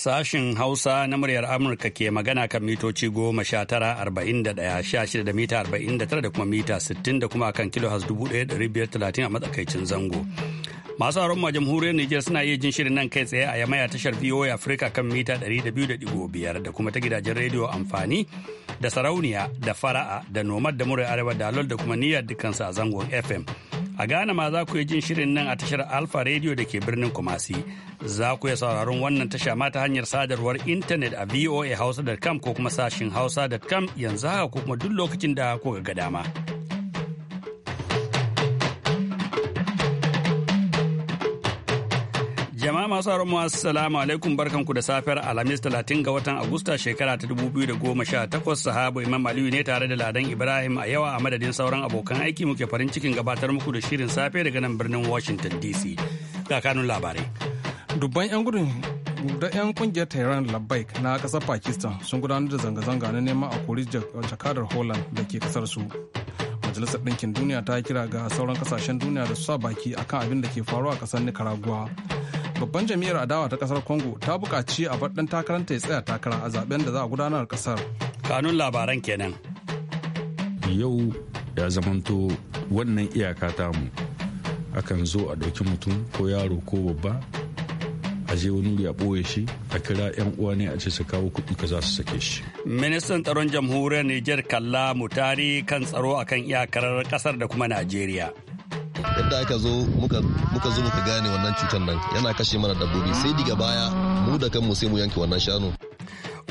Sashin Hausa na muryar Amurka ke magana kan mitoci goma sha tara arba'in da ɗaya sha shida da mita arba'in da tara da kuma mita sittin da kuma kan kilo has dubu ɗaya ɗari biyar talatin a matsakaicin zango. Masu haron ma jamhuriyar Nijar suna iya jin shirin nan kai tsaye a yamaya tashar VOA Africa kan mita ɗari da biyu da ɗigo biyar da kuma ta gidajen rediyo amfani da sarauniya da fara'a da nomad da muryar arewa da da kuma niyyar dukkansa a zangon FM. A Ghana ma za ku yi jin shirin nan a tashar Alfa Radio da ke birnin Kumasi. Za ku yi sauraron wannan tasha ma ta hanyar sadarwar intanet a voahausa.com ko kuma sashin hausa.com yanzu haka ko kuma duk lokacin da kuka ga dama. masu haramu assalamu alaikum barkanku da safiyar alhamis 30 ga watan agusta shekara ta 2018 sahabu imam aliyu ne tare da ladan ibrahim a yawa a madadin sauran abokan aiki muke farin cikin gabatar muku da shirin safe daga nan birnin washington dc ga kanun labarai dubban yan gudun da 'yan kungiyar tehran labbaik na kasar pakistan sun gudanar da zanga-zanga na neman a kori jakadar holland da ke kasar su majalisar ɗinkin duniya ta kira ga sauran kasashen duniya da su sa baki akan abin da ke faruwa a kasar nicaragua babban jam'iyyar adawa ta kasar congo ta buƙaci a bar ɗan takaranta ya tsaya takara a zaben da za a gudanar kasar kanun labaran kenan yau ya zamanto wannan iyaka mu akan zo a ɗauki mutum ko yaro ko babba a je wani wuri a ɓoye shi a kira 'yan uwa ne a ce su kawo kuɗi ka za su sake shi. Ministan tsaron jamhuriyar Nijar Kalla Mutari kan tsaro akan iyakar ƙasar da kuma Najeriya. yadda aka zo muka zo muka gane wannan cutar nan yana kashe mana dabbobi sai diga baya mu da kanmu sai mu yanke wannan shanu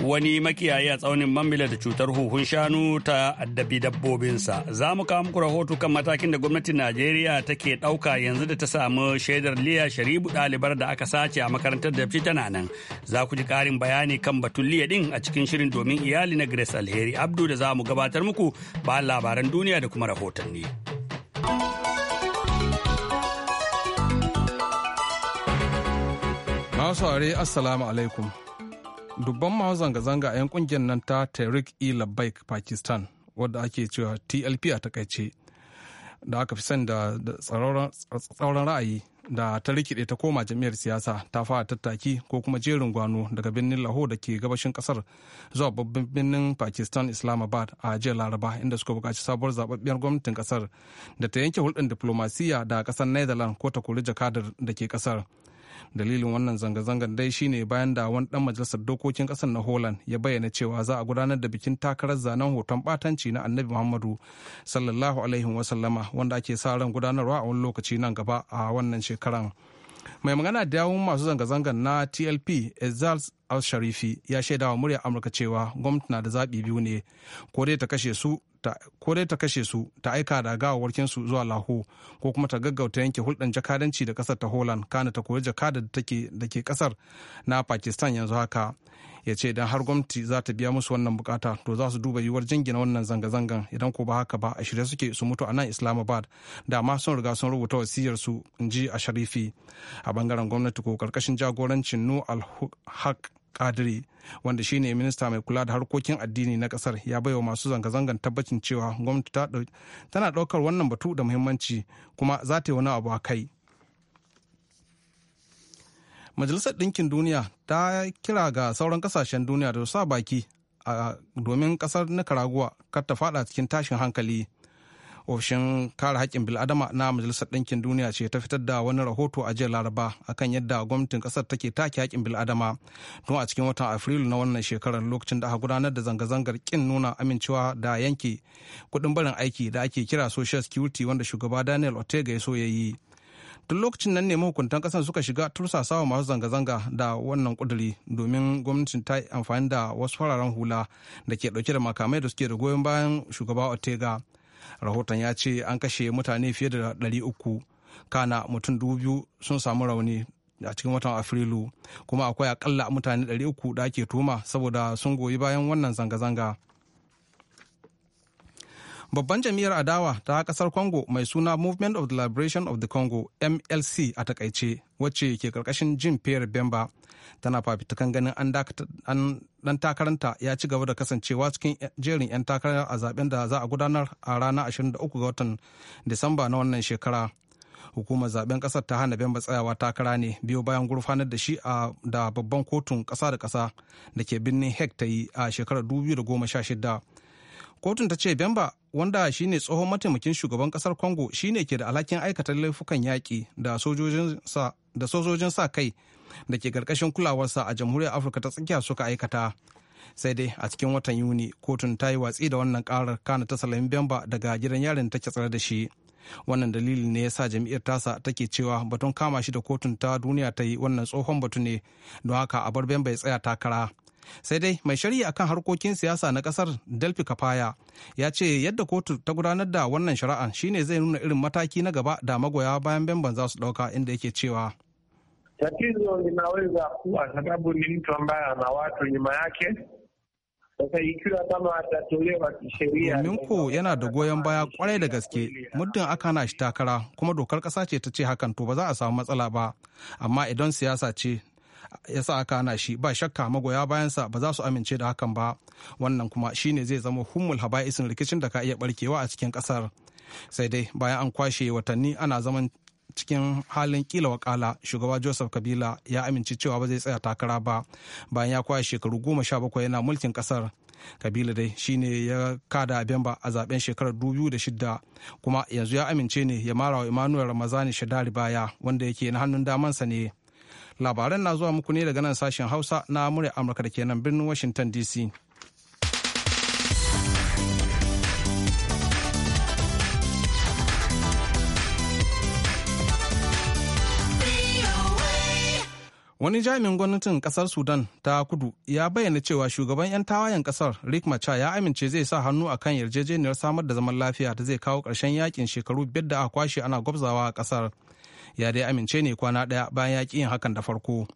wani makiyayi a tsaunin mamila da cutar huhun shanu ta addabi dabbobinsa za mu kawo muku rahoto kan matakin da gwamnatin najeriya take ɗauka yanzu da ta samu shaidar liya sharibu ɗalibar da aka sace a makarantar da fi tana nan za ku ji ƙarin bayani kan batun liya ɗin a cikin shirin domin iyali na grace alheri abdu da za mu gabatar muku ba labaran duniya da kuma rahotanni. masu saurari assalamu alaikum dubban masu zanga-zanga a yan kungiyar nan ta tariq e labbaik pakistan wadda ake cewa tlp a takaice da aka fi san da tsauran ra'ayi da ta rikide ta koma jam'iyyar siyasa ta fara tattaki ko kuma jerin gwano daga birnin lahore da ke gabashin kasar zuwa babban birnin pakistan islamabad a jiya laraba inda suka buƙaci sabuwar zababbiyar gwamnatin kasar da ta yanke hulɗar diplomasiya da kasar netherlands ko ta kori jakadar da ke kasar dalilin wannan zanga-zangar dai shine bayan da wani dan majalisar dokokin kasar na holland ya bayyana cewa za a gudanar da bikin takarar zanen hoton batanci na annabi muhammadu sallallahu alaihi wasallama wanda ake sa ran gudanarwa a wani lokaci nan gaba a wannan shekaran. mai magana da yawun masu zanga-zangar na tlp ezals al-sharifi ya shaidawa murya amurka cewa gwamnati na da zaɓi biyu ne ko dai ta kashe su ta aika da gawawarkin su zuwa laho ko kuma ta gaggauta yanke hulɗar jakadanci da ƙasar ta holland kana ta koyi jakadar da ke ƙasar na pakistan yanzu haka ya ce idan har gwamnati za ta biya musu wannan bukata to za su duba yiwuwar jingina wannan zanga-zangan idan ko ba haka ba a shirye suke su mutu a nan islamabad da ma sun riga sun rubuta wasiyar su in ji a sharifi a bangaren gwamnati ko karkashin jagorancin nu al-haq kadiri wanda shi ne minista mai kula da harkokin addini na kasar ya baiwa masu zanga-zangan tabbacin cewa gwamnati tana daukar wannan batu da muhimmanci kuma za ta yi wani abu a kai majalisar ɗinkin duniya ta kira ga sauran kasashen duniya da sa baki a domin ƙasar nicaragua kar ta fada cikin tashin hankali ofishin kare haƙƙin bil'adama na majalisar ɗinkin duniya ce ta fitar da wani rahoto a jiya laraba akan yadda gwamnatin ƙasar take take haƙƙin bil'adama tun a cikin watan afrilu na wannan shekarar lokacin da aka gudanar da zanga-zangar ƙin nuna amincewa da yanke kuɗin barin aiki da ake kira social security wanda shugaba daniel ortega ya so ya yi tun lokacin nan ne mahukuntan kasan suka shiga tursasawa masu zanga-zanga da wannan kuduri domin gwamnatin ta yi amfani da wasu fararen hula da ke dauke da makamai da suke da goyon bayan shugaba ortega rahoton ya ce an kashe mutane fiye da 300 kana mutum biyu sun samu rauni a cikin watan afrilu kuma akwai akalla mutane 300 da ake tuma saboda sun goyi bayan wannan zanga-zanga babban jam'iyyar adawa ta kasar congo mai suna movement of the liberation of the congo mlc a takaice wacce ke karkashin jim pierre bemba tana fafitukan ganin an dan takaranta ya ci gaba da kasancewa cikin jerin 'yan takarar a zaben da za a gudanar a ranar 23 ga watan disamba na wannan shekara hukumar zaben kasar ta hana bemba tsayawa takara ne biyo bayan gurfanar da shi a da babban kotun kasa da kasa da ke birnin hek ta yi a shekarar 2016 kotun ta ce bemba wanda shine tsohon mataimakin shugaban kasar congo shine ke da alhakin aikata laifukan yaƙi da sojojin sa kai da ke ƙarƙashin kulawarsa a jamhuriyar afirka ta tsakiya suka aikata sai dai a cikin watan yuni kotun ta yi watsi da wannan karar kana ta salamin bemba daga gidan yarin take tsare da shi wannan dalili ne ya sa jam'iyyar tasa take cewa batun kama shi da kotun ta duniya ta yi wannan tsohon batu ne don haka a bar bemba ya tsaya takara sai dai mai shari'a akan harkokin siyasa na kasar delphi kafaya ya ce yadda kotu ta gudanar da wannan shari'a shine zai nuna irin mataki na gaba da magoya bayan bamban za su ɗauka inda yake cewa tatizo linaweza kuwa sababu ni mtu ambaye ana watu nyuma yake Sasa ikiwa kama atatolewa kisheria. Domin yana da goyon baya kwarai da gaske muddin aka na shi takara kuma dokar kasa ce ta ce hakan to ba za a samu matsala ba amma idan siyasa ce ya sa aka hana shi ba shakka magoya bayansa ba za su amince da hakan ba wannan kuma shine zai zama hummul haba'isin rikicin da ka iya barkewa a cikin kasar sai dai bayan an kwashe watanni ana zaman cikin halin kila wakala shugaba joseph kabila ya amince cewa ba zai tsaya takara ba bayan ya kwashe shekaru goma sha bakwai yana mulkin kasar kabila dai shine ya kada ba a zaben shekarar dubu da shida kuma yanzu ya amince ne ya mara wa emmanuel ramazani shadari baya wanda yake na hannun damansa ne labaran na zuwa muku ne daga nan sashen hausa na murya amurka da kenan birnin washington dc wani jami'in gwamnatin kasar sudan ta kudu ya bayyana cewa shugaban 'yan tawayen kasar rick machar ya amince zai sa hannu a kan yarjejeniyar samar da zaman lafiya da zai kawo ƙarshen yakin shekaru biyar da aka kwashe ana gwabzawa a kasar ya dai amince ne kwana ɗaya bayan ya ƙi yin hakan da farko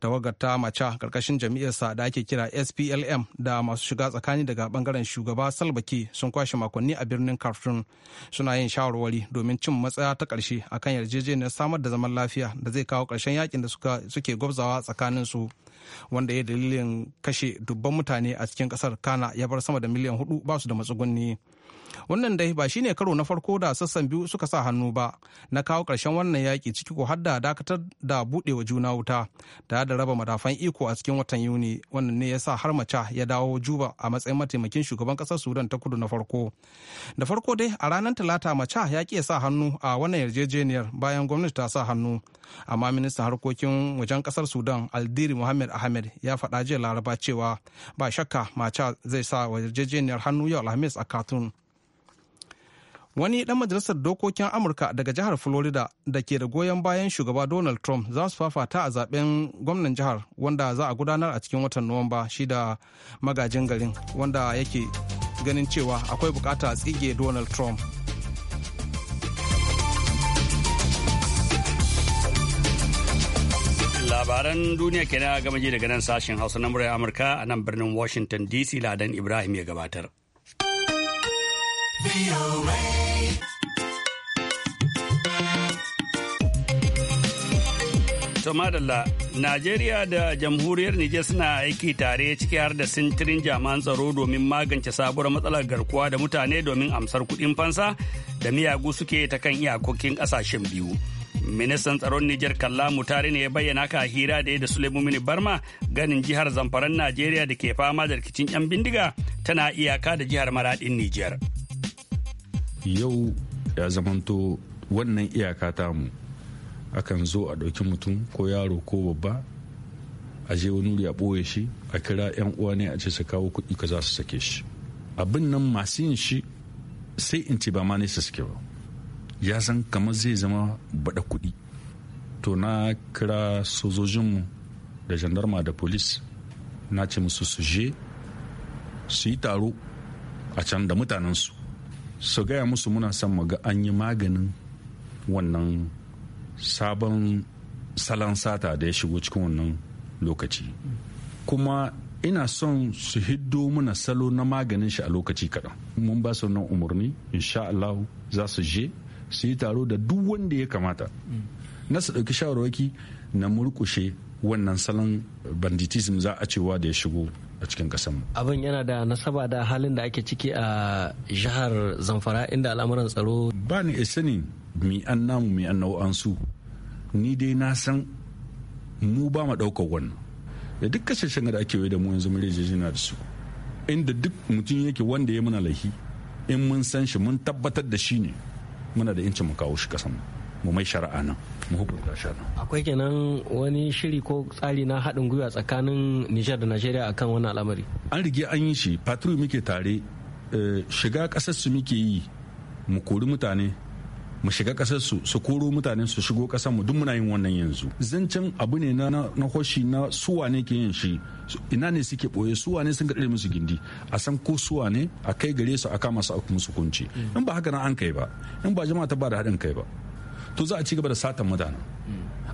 tawagar ta mace karkashin sa da ake kira splm da masu shiga tsakani daga bangaren shugaba salbaki sun kwashe makonni a birnin khartoum suna yin shawarwari domin cin matsaya ta karshe akan yarjejeniyar samar da zaman lafiya da zai kawo karshen yakin da suke gwabzawa tsakanin su wanda ya dalilin kashe dubban mutane a cikin ƙasar kana ya bar sama da miliyan hudu ba su da matsugunni wannan dai ba shine karo na farko da sassan biyu suka sa hannu ba na kawo ƙarshen wannan yaƙi ciki ko hadda da dakatar da buɗewa juna wuta da da raba madafan iko a cikin watan yuni wannan ne ya sa har mace ya dawo juba a matsayin mataimakin shugaban ƙasar sudan ta kudu na farko da farko dai a ranar talata mace ya ƙi sa hannu a wannan yarjejeniyar bayan gwamnati ta sa hannu amma ministan harkokin wajen ƙasar sudan aldiri muhammad ahmed ya faɗa jiya laraba cewa ba shakka mace zai sa wa yarjejeniyar hannu yau alhamis a katun wani ɗan majalisar dokokin amurka daga jihar florida da ke da goyon bayan shugaba donald trump za su fafata a zaben gwamnan jihar wanda za a gudanar a cikin watan nuwamba shi da magajin garin wanda yake ganin cewa akwai bukata a tsige donald trump labaran duniya kenan gama ji daga nan sashen hausa na murayen amurka a nan birnin washington dc ladan ibrahim ya gabatar To Najeriya da jamhuriyar Nijar suna aiki tare ciki har da sintirin jaman tsaro domin magance sabuwar matsalar garkuwa da mutane domin amsar kuɗin fansa da miyagu suke ta kan iyakokin ƙasashen biyu. Ministan tsaron Nijar Kalla Mutare ne ya bayyana ka hira da ya da Suleimani Barma ganin jihar Zamfaran Najeriya da ke fama da rikicin 'yan bindiga tana iyaka da jihar maraɗin Nijar. yau ya zamanto wannan iyaka tamu akan zo a ɗauki mutum ko yaro ko babba a je wani wuri a ɓoye shi a kira 'yan uwa ne a ce su kawo kuɗi ka za su sake shi abin nan masu yin shi sai in ce ba ma ne su suke ba ya san kamar zai zama baɗa kuɗi to na kira sojojinmu da jandarma da polis na ce musu su je su yi taro a can da mutanensu su gaya musu muna son mu ga an yi maganin wannan sabon salon sata da ya shigo cikin wannan lokaci kuma ina son su hiddo muna salo na maganin shi a lokaci kaɗan mun ba su nan umarni insha Allah za su je su yi taro da duk wanda ya kamata na su ɗauki shawarwaki na murkushe wannan salon banditism za a cewa da ya shigo a cikin kasanmu. abin yana da nasaba da halin da ake ciki a jihar zamfara inda al'amuran tsaro ba ni sani mi an namu mi an su ni dai na san mu ba ma ɗaukar wannan da duk kasashen da ake da mu yanzu mun rejejina da su inda duk mutum yake wanda ya muna laifi in mun san shi mun tabbatar da shi ne muna da yancin mu kawo shi kasan mu. mu mai shari'a nan mu hukunta shi nan akwai kenan wani shiri ko tsari na haɗin gwiwa tsakanin Nijar da Najeriya akan wannan al'amari an rige an yi shi patrol muke tare eh, shiga ƙasar su muke yi mu kori mutane mu shiga kasar su su koro mutane su shigo kasar mu duk muna yin wannan yanzu zancen abu ne na na hoshi na suwa ne ke yin shi ina ne suke boye suwa ne sun gaɗe musu gindi a san ko suwa ne a kai gare su a kama su a musu kunci mm. in ba haka na an kai ba in ba jama'a ta ba da haɗin kai ba to za a ci gaba da satan mutane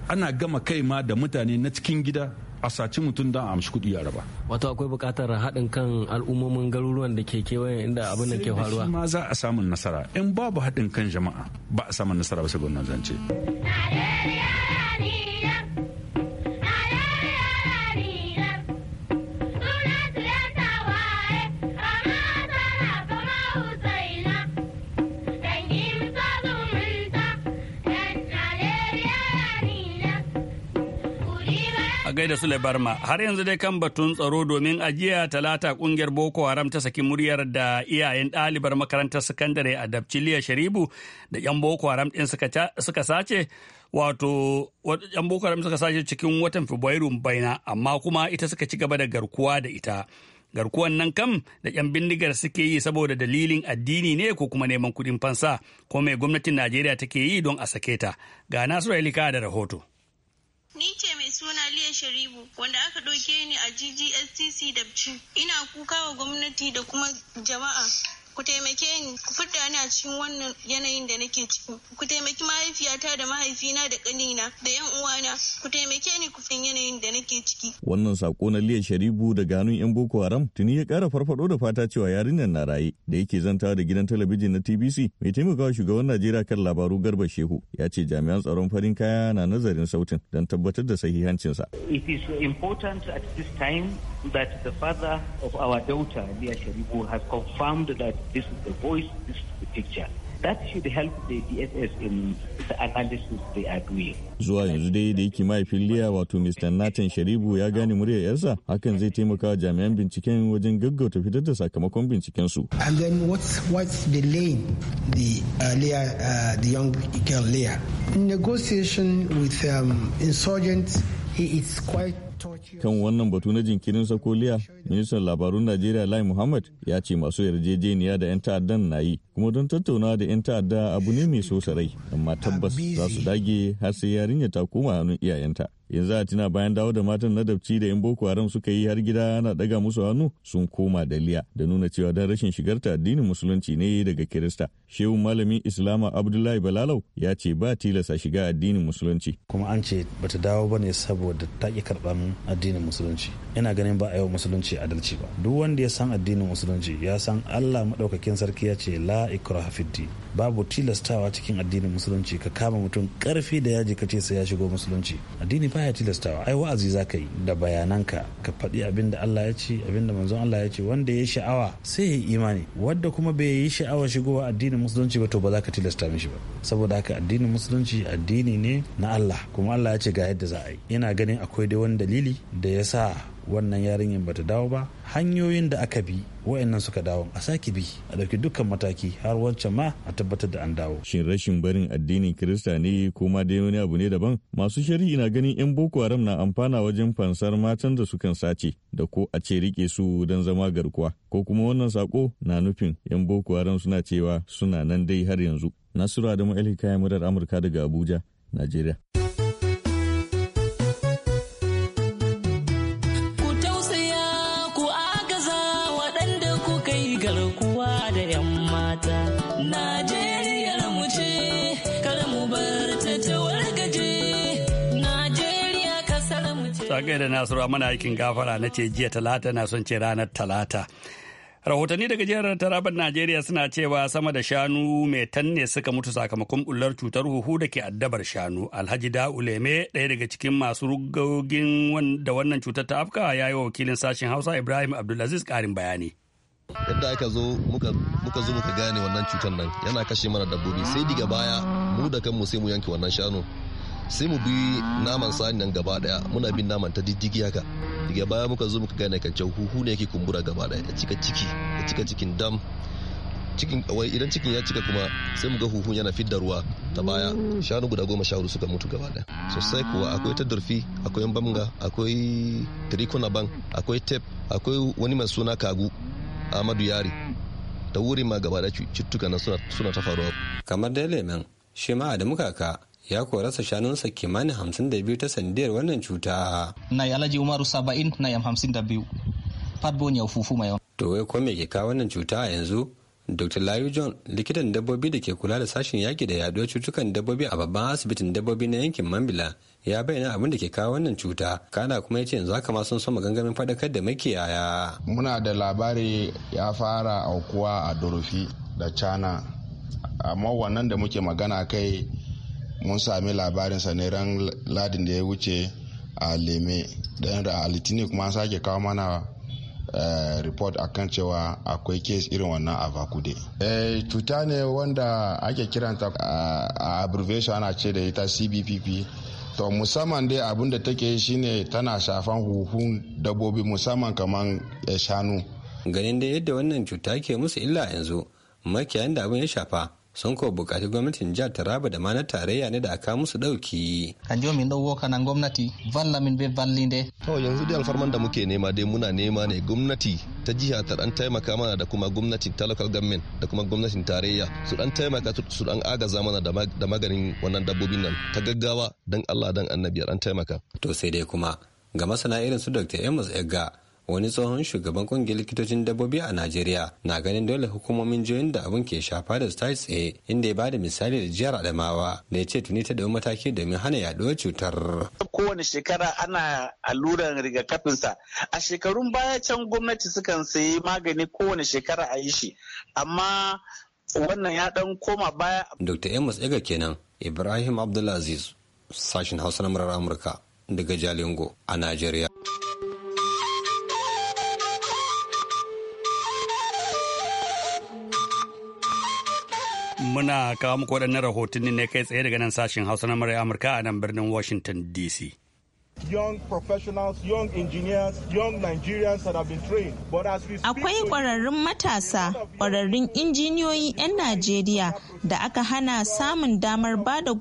ana gama kai ma da mutane na cikin gida a saci mutum don a amshi kuɗi a raba. Wato akwai bukatar haɗin kan al'ummomin garuruwan da ke kewaye inda abin da ke faruwa. Sai ma za a samun nasara in babu haɗin kan jama'a ba a samun nasara ba sai gwamnati zance. a gaida su barma har yanzu dai kan batun tsaro domin ajiya talata kungiyar boko haram ta saki muryar da iyayen ɗalibar makarantar sakandare a dabciliya sharibu da yan boko haram ɗin suka sace wato yan boko haram suka sace cikin watan fabrairu baina amma kuma ita suka ci gaba da garkuwa da ita garkuwan nan kam da 'yan bindigar suke yi saboda dalilin addini ne ko kuma neman kuɗin fansa ko mai gwamnatin najeriya take yi don a sake ta ga nasu da rahoto Ni ce mai suna Liya Sharibu wanda aka ɗauke ni a GGSTC Dabci. Ina kuka wa gwamnati da kuma jama'a ku taimake ni ku fidda ni a cikin wannan yanayin da nake ciki ku taimaki mahaifiyata da mahaifina da kanina da yan uwana ku taimake ni ku fin yanayin da nake ciki wannan sako na liya sharibu daga hannun yan boko haram tuni ya kara farfado da fata cewa yarinyar na raye da yake zantawa da gidan talabijin na tbc mai taimakawa shugaban najeriya kan labaru garba shehu ya ce jami'an tsaron farin kaya na nazarin sautin don tabbatar da sahihancinsa it is important at this time that the father of our daughter, Leah Sharibu, has confirmed that this is the voice, this is the picture. That should help the DSS in the analysis they are doing. Zuwa yanzu dai da yake mahaifin Liya wato Mr. Nathan Sharibu ya gane muryar yarsa hakan zai taimaka wa jami'an binciken wajen gaggauta fitar da sakamakon binciken su. And then what's what's delaying the uh, uh, the young girl Leah? negotiation with um, insurgents, he is quite kan wannan batu na jinkirin sakoliya ministan labarun najeriya lai muhammad ya ce masu yarjejeniya da 'yan ta'addan na yi kuma don tattauna da 'yan ta'adda abu ne mai sosa rai amma tabbas za su dage har sai yarinya ta koma hannun iyayenta yanzu a tina bayan dawo da matan nadabci da 'yan boko haram suka yi har gida ana daga musu hannu sun koma daliya da nuna cewa don rashin shigar ta addinin musulunci ne daga kirista shehu malamin islama abdullahi balalau ya ce ba tilasa shiga addinin musulunci kuma an ce bata dawo ba ne saboda ta ki karɓan addinin musulunci ina ganin ba a yau musulunci adalci ba duk wanda ya san addinin musulunci ya san allah maɗaukakin sarki ya ce la ikraha babu tilastawa cikin addinin musulunci ka kama mutum karfi da yaji ka ce sai ya shigo musulunci addini baya tilastawa ai wa'azi zaka yi da bayananka ka faɗi abinda Allah ya ce abin da manzon Allah ya ce wanda ya sha'awa sai ya imani wanda kuma bai yi sha'awa shigowa addinin musulunci ba to ba za ka tilasta mishi ba saboda haka addinin musulunci addini ne na Allah kuma Allah ya ce ga yadda za a yi ina ganin akwai dai wani dalili da ya sa wannan yarinyar ta dawo ba hanyoyin da aka bi wayannan suka dawo a sake bi a ɗauki dukkan mataki har wancan ma a tabbatar da an dawo. Shin rashin barin addinin Kirista ne ko ma dai wani abu ne daban? Masu shari'i na ganin 'yan Boko Haram na amfana wajen fansar matan da sukan sace da ko a ce rike su don zama garkuwa ko kuma wannan sako na nufin 'yan Boko Haram suna cewa suna nan dai har yanzu. Nasiru Adamu Ali kayan murar Amurka daga Abuja, Najeriya. a gaida nasiru mana aikin gafara na ce jiya talata na son ce ranar talata rahotanni daga jihar taraban najeriya suna cewa sama da shanu mai tanne suka mutu sakamakon bullar cutar huhu da ke addabar shanu alhaji da'u leme ɗaya daga cikin masu rugogin da wannan cutar ta afka ya yi wa wakilin sashen hausa ibrahim abdulaziz karin bayani yadda aka zo muka zo muka gane wannan cutar nan yana kashe mana dabbobi sai diga baya mu da kanmu sai mu yanke wannan shanu sai mu bi naman sani nan gaba daya muna bin naman ta diddigi haka daga baya muka zo muka gane kan huhu ne yake kumbura gaba daya ya cika ciki ya cika cikin dam cikin wai idan cikin ya cika kuma sai mu ga huhun yana fidda ruwa ta baya shanu guda goma sha hudu suka mutu gaba daya sosai kuwa akwai ta durfi akwai bamga akwai trikuna ban akwai tep akwai wani mai suna kagu amadu yari ta wuri ma gaba daya cututtuka na suna ta faruwa kamar dai lemen shi ma da muka ka ya korasa shanunsa kimanin hamsin da biyu ta sandiyar wannan cuta. Na yi alaji umaru saba'in na yam hamsin da biyu. Fatbon ya fufu mai To wai ko me ke kawo wannan cuta a yanzu? Dr. Layu John likitan dabbobi da ke kula da sashen yaki da yaduwar cutukan dabbobi a babban asibitin dabbobi na yankin Mambila ya bayyana abin da ke kawo wannan cuta kana kuma ya ce yanzu haka ma sun soma gangamin faɗakar da makiyaya. Muna da labari ya fara aukuwa a Dorofi da Cana amma wannan da muke magana kai mun sami labarinsa ne ran ladin da ya wuce a leme yadda a litinin kuma an sake kawo mana eh, report kan cewa akwai kes irin wannan a vakude eh, cuta ne wanda ake kiranta eh, a abbreviation ana ce da ita cbpp to musamman dai abin da take shine tana shafan huhun dabbobi musamman kamar shanu ganin da yadda wannan cuta ke musu illa yanzu makiyayin da abin ya shafa sun ko bukaci gwamnatin jihar Taraba da ma na tarayya ne da aka musu dauki. An jo min dau woka gwamnati valla min be vallinde. To yanzu dai alfarman da muke nema dai muna nema ne gwamnati ta jiha ta dan taimaka mana da kuma gwamnatin ta local government da kuma gwamnatin tarayya su dan taimaka su dan agaza mana da maganin wannan dabbobin nan ta gaggawa dan Allah dan annabi dan taimaka. To sai dai kuma ga masana irin su Dr. Amos Egga wani tsohon shugaban kungiyar likitocin dabbobi a najeriya na ganin dole hukumomin jiyoyin da abin ke shafa da su tashi tsaye inda ya bada misali da jihar adamawa da ya ce tuni ta ɗau mataki domin hana yaduwar cutar kowane shekara ana alluran rigakafinsa a shekarun baya can gwamnati sukan sayi magani kowane shekara a yi shi amma wannan ya dan koma baya dr amos ega kenan ibrahim abdulaziz sashen hausa na murar amurka daga jalingo a najeriya Muna kawo muku waɗannan rahotanni ne kai tsaye daga nan sashen Hausa na Murai Amurka a nan birnin Washington DC. young professionals, young Akwai kwararrun matasa, kwararrun injiniyoyi 'yan Najeriya da aka hana samun damar ba da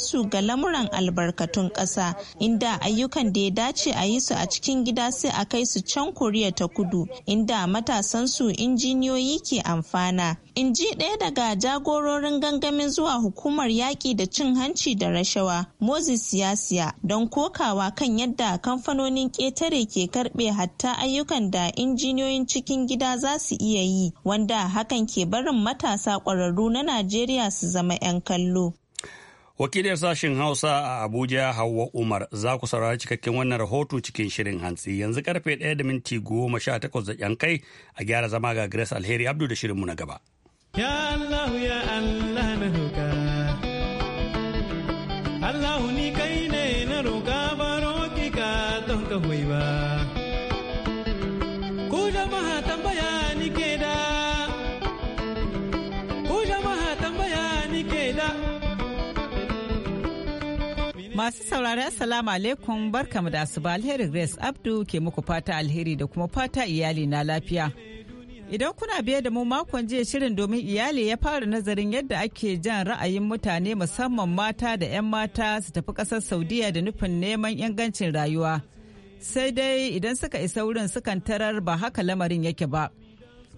su ga lamuran albarkatun ƙasa, inda ayyukan da ya dace a yi su a cikin gida sai a kai su can Koriya ta kudu, inda matasansu injiniyoyi ke amfana. in ji ɗaya daga jagororin gangamin zuwa hukumar yaƙi da cin hanci da rashawa moses siyasiya don kokawa kan yadda kamfanonin ƙetare ke karɓe hatta ayyukan da injiniyoyin cikin gida za su iya yi wanda hakan ke barin matasa ƙwararru na najeriya su zama 'yan kallo wakilin sashen hausa a abuja hawa umar za ku saurari cikakken wannan rahoto cikin shirin hantsi yanzu karfe 1 da minti da kai a gyara zama ga grace alheri abdu da shirinmu na gaba Ya Allah ya Allah na roka Allah ni kai ne na roka baro ki ka don ka hoyi ba Ku jama'a tambaya ni ke da Ku jama'a tambaya ni ke da Masu saurari Assalamu alaikum barkamu da asuba alheri Grace Abdu ke muku fata alheri da kuma fata iyali na lafiya. Idan kuna biya da mu makon jiya shirin domin iyali ya fara nazarin yadda ake jan ra'ayin mutane musamman mata da 'yan mata su tafi ƙasar Saudiya da nufin neman ingancin rayuwa. Sai dai idan suka isa wurin sukan tarar ba haka lamarin yake ba.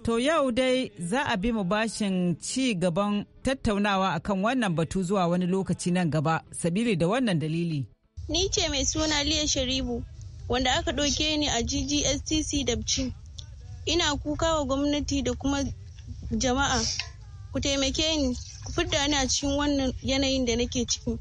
To yau dai za a bi mu bashin ci gaban tattaunawa akan wannan batu zuwa wani lokaci nan gaba, sabili da wannan dalili. Ni ce mai suna Liya Sharibu, wanda aka ɗauke ni a GGSTC Dabci. ina kuka wa gwamnati da kuma jama'a ku taimake ni ku fidda ni a cikin wannan yanayin da nake ciki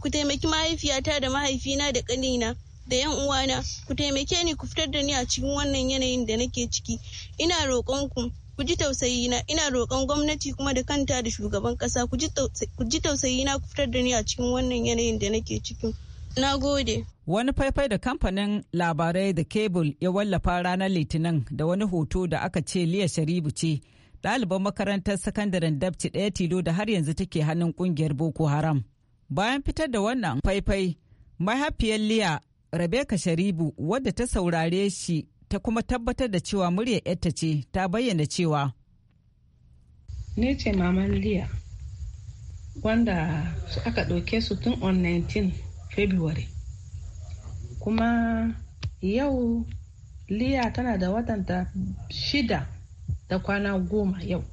ku taimaki mahaifiyata da mahaifina da ƙanina da yan uwana ku taimake ni ku fitar da ni a cikin wannan yanayin da nake ciki ina roƙon ku ku ji tausayina ina roƙon gwamnati kuma da kanta da shugaban ƙasa ku ji tausayina ku fitar da ni a cikin wannan yanayin da nake ciki Na gode. Wani faifai da kamfanin labarai da Cable ya wallafa ranar Litinin da wani hoto da aka ce Liya Sharibu ce, ɗaliban makarantar sakandaren Dabci ɗaya tilo da har yanzu take hannun ƙungiyar Boko Haram. Bayan fitar da wannan faifai, mahaifiyar Liya Rebecca Sharibu wadda ta saurare shi ta kuma tabbatar da cewa muryar yarta ce ta bayyana cewa. Ne ce maman Liya wanda aka ɗauke su tun on 19 february kuma yau liya tana da watanta shida da kwana goma yau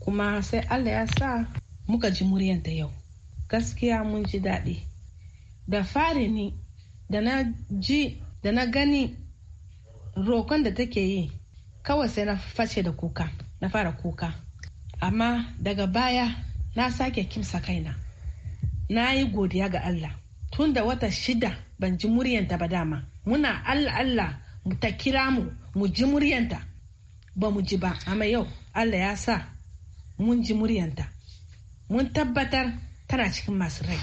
kuma sai allah ya sa muka ji muryanta yau gaskiya mun ji daɗi da fari ni da na ji da na gani rokon da take yi kawai sai na face da kuka na fara kuka amma daga baya na sake kimsa kaina na yi godiya ga allah tun da wata shida ban ji muryanta ba dama muna allah allah ta kira mu mu ji muryanta ba mu ji ba amma yau allah ya sa mun ji muryanta mun tabbatar tana cikin masu rai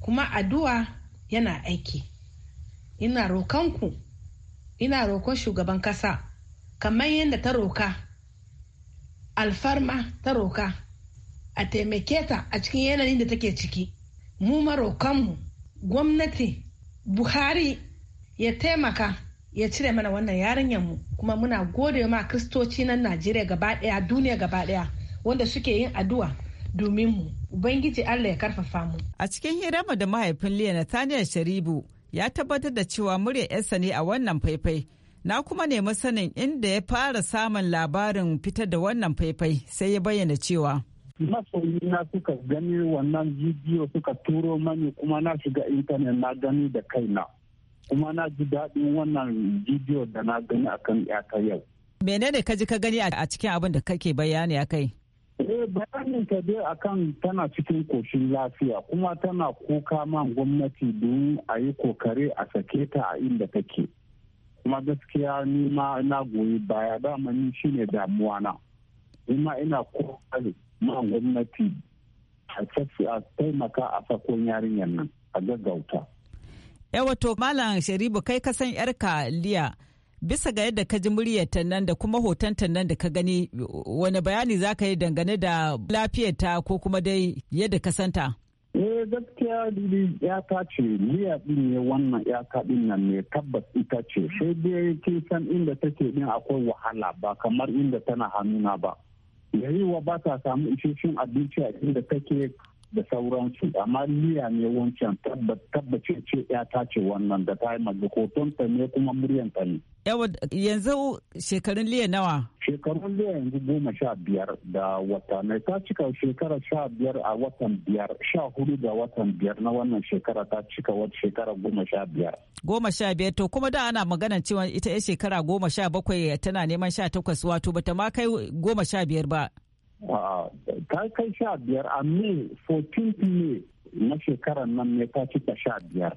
kuma addu'a yana aiki ina rokonku ina rokon shugaban kasa kamar yadda ta roka alfarma ta roka a taimake ta a cikin yanayin da take ciki mu marokanmu gwamnati buhari ya taimaka ya cire mana wannan yarinyar mu kuma muna gode ma kristoci na najeriya gaba daya duniya gaba daya wanda suke yin addu'a domin mu ubangiji allah ya karfafa mu a cikin hirarmu da mahaifin liya nathaniel sharibu ya tabbatar da cewa murya yarsa ne a wannan faifai na kuma nemi sanin inda ya fara samun labarin fitar da wannan faifai sai ya bayyana cewa na suka gani wannan bidiyo suka turo mani kuma na shiga intanet na gani da kaina kuma na ji daɗin wannan bidiyo da na gani akan yata yau. menene ka ji ka gani a cikin abin da kake bayani a kai? Eh bayanin ta dai akan tana cikin koshin lafiya kuma tana kuka man gwamnati don a yi kokare a sake ta a inda take. Kuma gaskiya ni ma na goyi baya dama shine damuwa na. Ni ma ina kokari ma gwamnati a taimaka a fakon yarinyar nan a gaggauta. wato Malam Sharibu kai ka san yarka Liya bisa ga yadda ka ji muryarta nan da kuma hotonta nan da ka gani wani bayani za ka yi dangane da lafiyarta ko kuma dai yadda ka santa. Eh gaskiya dubi ya ce liya din ne wannan ya ta din nan ne tabbas ita ce sai dai kin san inda take din akwai wahala ba kamar inda tana hannuna ba. gari wa ba ta samu isasshen abinci a inda take da sauransu amma niyya ne wancan tabbace ce ya ta ce wannan da ta yi maga ne kuma muryanta ne. yawa yanzu shekarun liya nawa shekarun liya yanzu goma sha biyar da wata mai ta cika shekara sha biyar a watan biyar sha hudu da watan biyar na wannan shekara ta cika wata shekara goma sha biyar goma sha biyar to kuma da ana maganan cewa ita ya shekara goma sha bakwai tana neman sha takwas wato bata ma kai goma sha biyar ba ta kai sha biyar a may 14th may na shekarar nan ne ta cika sha biyar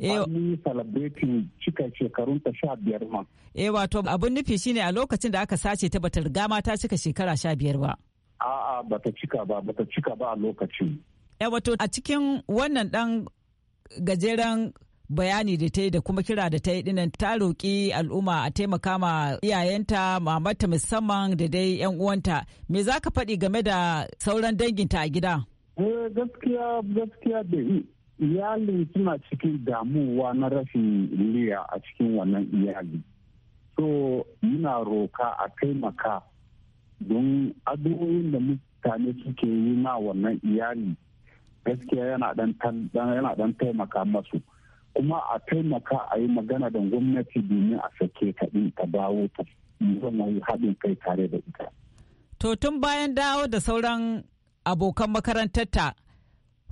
eh, yi celebrating cika shekarun ta sha biyar ma. Eh wato abun nufi shine a lokacin da aka sace ta bata riga ma ta cika shekara sha biyar ba. A'a bata cika ba bata cika ba a lokacin. Eh wato a cikin wannan dan gajeren bayani da ta yi da kuma kira da ta yi dinan ta roƙi al'umma a taimaka ma iyayenta mamata musamman da dai yan uwanta me za ka faɗi game da sauran danginta a gida eh, gaskiya gaskiya da iyalin suna cikin damuwa na rashin liya a cikin wannan iyali so muna roka a taimaka don addu'o'in da mutane suke yi na wannan iyali gaskiya yana dan taimaka masu kuma a taimaka a yi magana da gwamnati domin a sake ta ɗin ta dawo ta zama haɗin kai tare da ita. To tun bayan dawo da sauran abokan makarantarta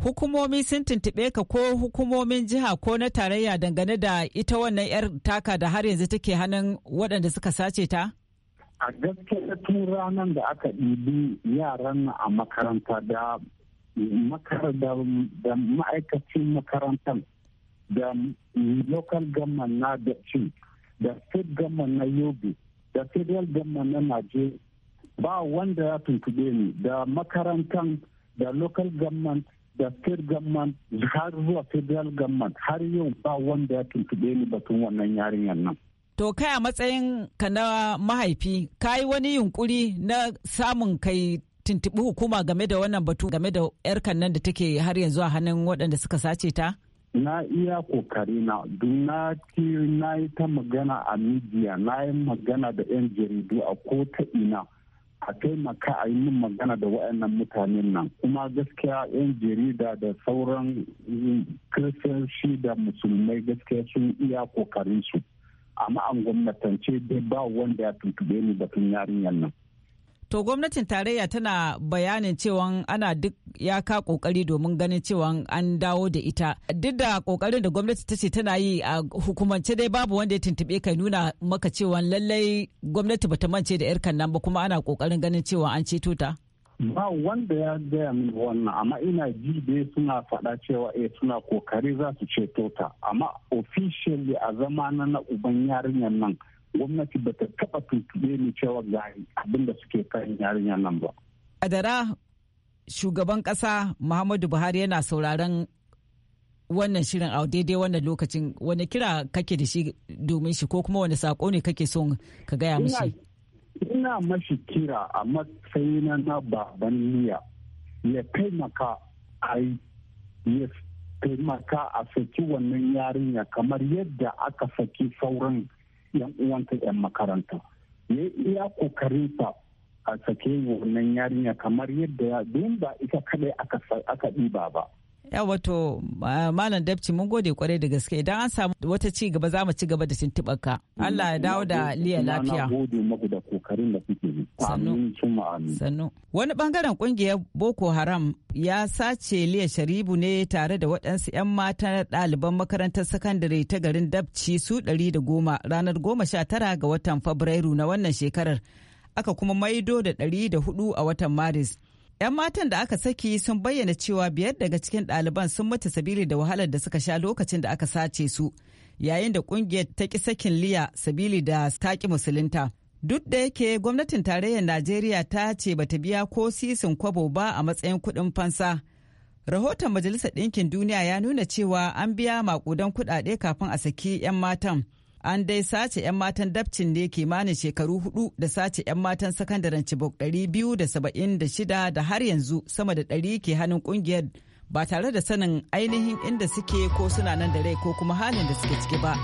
hukumomi sun tuntuɓe ka ko hukumomin jiha ko na tarayya dangane da ita wannan 'yar taka da har yanzu take hannun waɗanda suka sace ta? A gaskiya tun ranar da aka ɗibi yaran a makaranta da ma'aikacin makarantar da local government na da da state government na yobe da federal government na Naje, ba wanda ya tuntube ni da makarantan da local government da state government har zuwa federal government har yau ba wanda ya tuntube ni batun wannan yarinyar nan to kai a matsayin ka na mahaifi ka yi wani yunkuri na samun kai tuntubi hukuma game da wannan batu game da 'yar nan da take har yanzu a hannun waɗanda suka sace ta na iya kokari na na naci na yi ta magana a midiya na yi magana da 'yan jaridu a ko ta ina a taimaka a yi min magana da waɗannan mutanen nan kuma gaskiya 'yan jarida da sauran mm, kiristanci da musulmai gaskiya sun iya kokarin su amma an gwamnatance dai ba wanda ya tuntube ni batun yarinyar nan To gwamnatin tarayya tana bayanin cewa ana duk yaka kokari domin ganin cewa an dawo da ita. Duk da kokarin da gwamnati ta ce tana yi a hukumance dai babu wanda ya tuntube ka nuna maka cewa lallai gwamnati bata mance da yarkan nan ba kuma ana kokarin ganin cewa an ceto ta. Ba wanda ya gaya min wannan amma ina ji dai suna faɗa cewa eh suna kokari za su ceto ta amma officially a zamana na uban yarinyar nan gwamnati ba ta taɓa tuntuɓe ni cewa ga abin da suke kan yarinya nan ba. a dara shugaban ƙasa Muhammadu Buhari yana sauraron wannan shirin a daidai wannan lokacin wani kira kake da shi domin shi ko kuma wani sako ne kake son ka gaya mishi? Ina mashi kira a matsayina na baban niyya ya taimaka a yi ya taimaka a saki wannan yarinya kamar yadda aka saki sauran yan uwanta yan makaranta ya iya sa a sake wannan yarinya kamar yadda ya ba ita kadai aka ɗiba ba wato malam dabci mun gode kwarai da gaske idan an samu wata ci gaba za mu ci gaba da tuntuɓar ka Allah ya dawo da liya lafiya sannu wani bangaren kungiyar boko haram ya sace liya sharibu ne tare da waɗansu 'yan mata ɗaliban makarantar sakandare ta garin dabci su ɗari da goma ranar goma sha tara ga watan fabrairu na wannan shekarar aka kuma maido da ɗari da hudu a watan maris 'Yan matan da aka saki sun bayyana cewa biyar daga cikin ɗaliban sun mutu sabili da wahalar da suka sha lokacin da aka sace su, yayin da ƙungiyar ta ki sakin liya sabili da taƙi musulunta. Duk da yake gwamnatin tarayyar Najeriya ta ce bata biya ko sisin kwabo ba a matsayin kuɗin fansa. Rahoton Majalisar Ɗinkin Duniya ya nuna cewa an biya maƙudan kuɗaɗe kafin a saki 'yan matan. an dai sace 'yan matan dabcin ne kimanin shekaru hudu da sace 'yan matan sakandaren cibok 276 da har yanzu sama da 100 ke hannun kungiyar ba tare da sanin ainihin inda suke ko suna nan da rai ko kuma halin da suke ciki ba.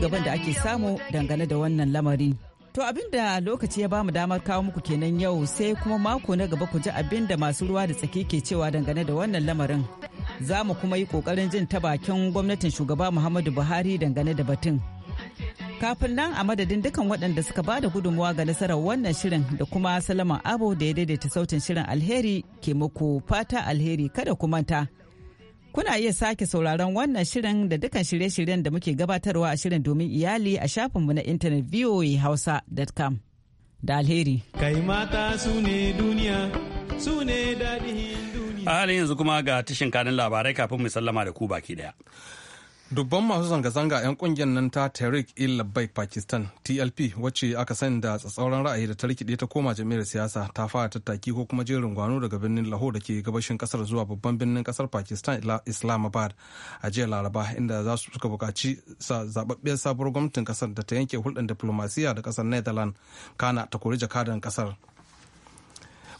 gaban da ake samu dangane da wannan lamari. To abin da lokaci ya bamu damar kawo muku kenan yau sai kuma mako na gaba ku ji abin masu ruwa da tsaki ke cewa dangane da wannan lamarin. Za mu kuma yi kokarin jin ta bakin gwamnatin shugaba Muhammadu Buhari dangane da batun. Kafin nan a madadin dukan waɗanda suka ba da gudunmawa ga nasarar wannan shirin da kuma Salaman abu da ya daidaita sautin shirin alheri ke muku fata alheri kada ku manta. Kuna iya sake sauraron wannan shirin da dukkan shirye-shiryen da muke gabatarwa a shirin domin iyali a shafinmu na intanet voahausa.com. Da alheri. Kai mata su ne duniya, su ne daɗin duniya. A halin yanzu kuma ga tashin kanin labarai kafin mu sallama da ku baki daya. dubban masu zanga-zanga 'yan kungiyar nan ta tariq il labbaik pakistan tlp wacce aka sani da tsatsauran ra'ayi da ta rikide ta koma jami'ar siyasa ta fara tattaki ko kuma jerin gwano daga birnin lahore da ke gabashin kasar zuwa babban birnin kasar pakistan islamabad a jiya laraba inda za su suka bukaci zababbiyar sabuwar gwamnatin kasar da ta yanke hulɗar diplomasiya da kasar netherlands kana ta kori jakadan kasar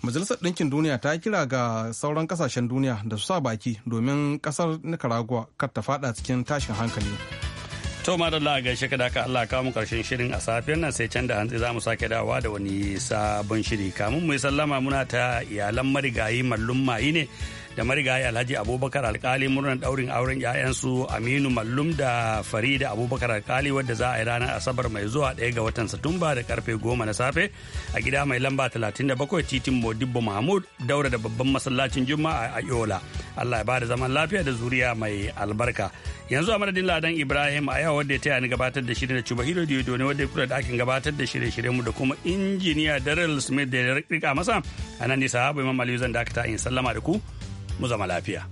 majalisar ɗinkin duniya ta kira ga sauran ƙasashen duniya da su sa baki domin ƙasar nicaragua kar ta fada cikin tashin hankali to madalla gaishe ka allah kawo mu karshen shirin a safiyar nan sai can da hantsi za mu sake dawa da wani sabon shiri kamun mu yi sallama muna ta iyalan marigayi mallum mai ne da marigayi alhaji abubakar alkali murnar daurin auren 'ya'yansu aminu mallum da farida abubakar alkali wadda za a yi ranar asabar mai zuwa ɗaya ga watan satumba da karfe goma na safe a gida mai lamba 37 titin modibbo mahmud daura da babban masallacin juma'a a yola allah ya bada zaman lafiya da zuriya mai albarka yanzu a madadin ladan ibrahim a yau wadda ya taya ni gabatar da shirin da cuba hiro diodo ne wadda ya kula da akin gabatar da shirye shirye mu da kuma injiniya daryl smith da ya rika masa a nan nisa habu imam aliyu zan dakata in sallama da ku mu zama lafiya.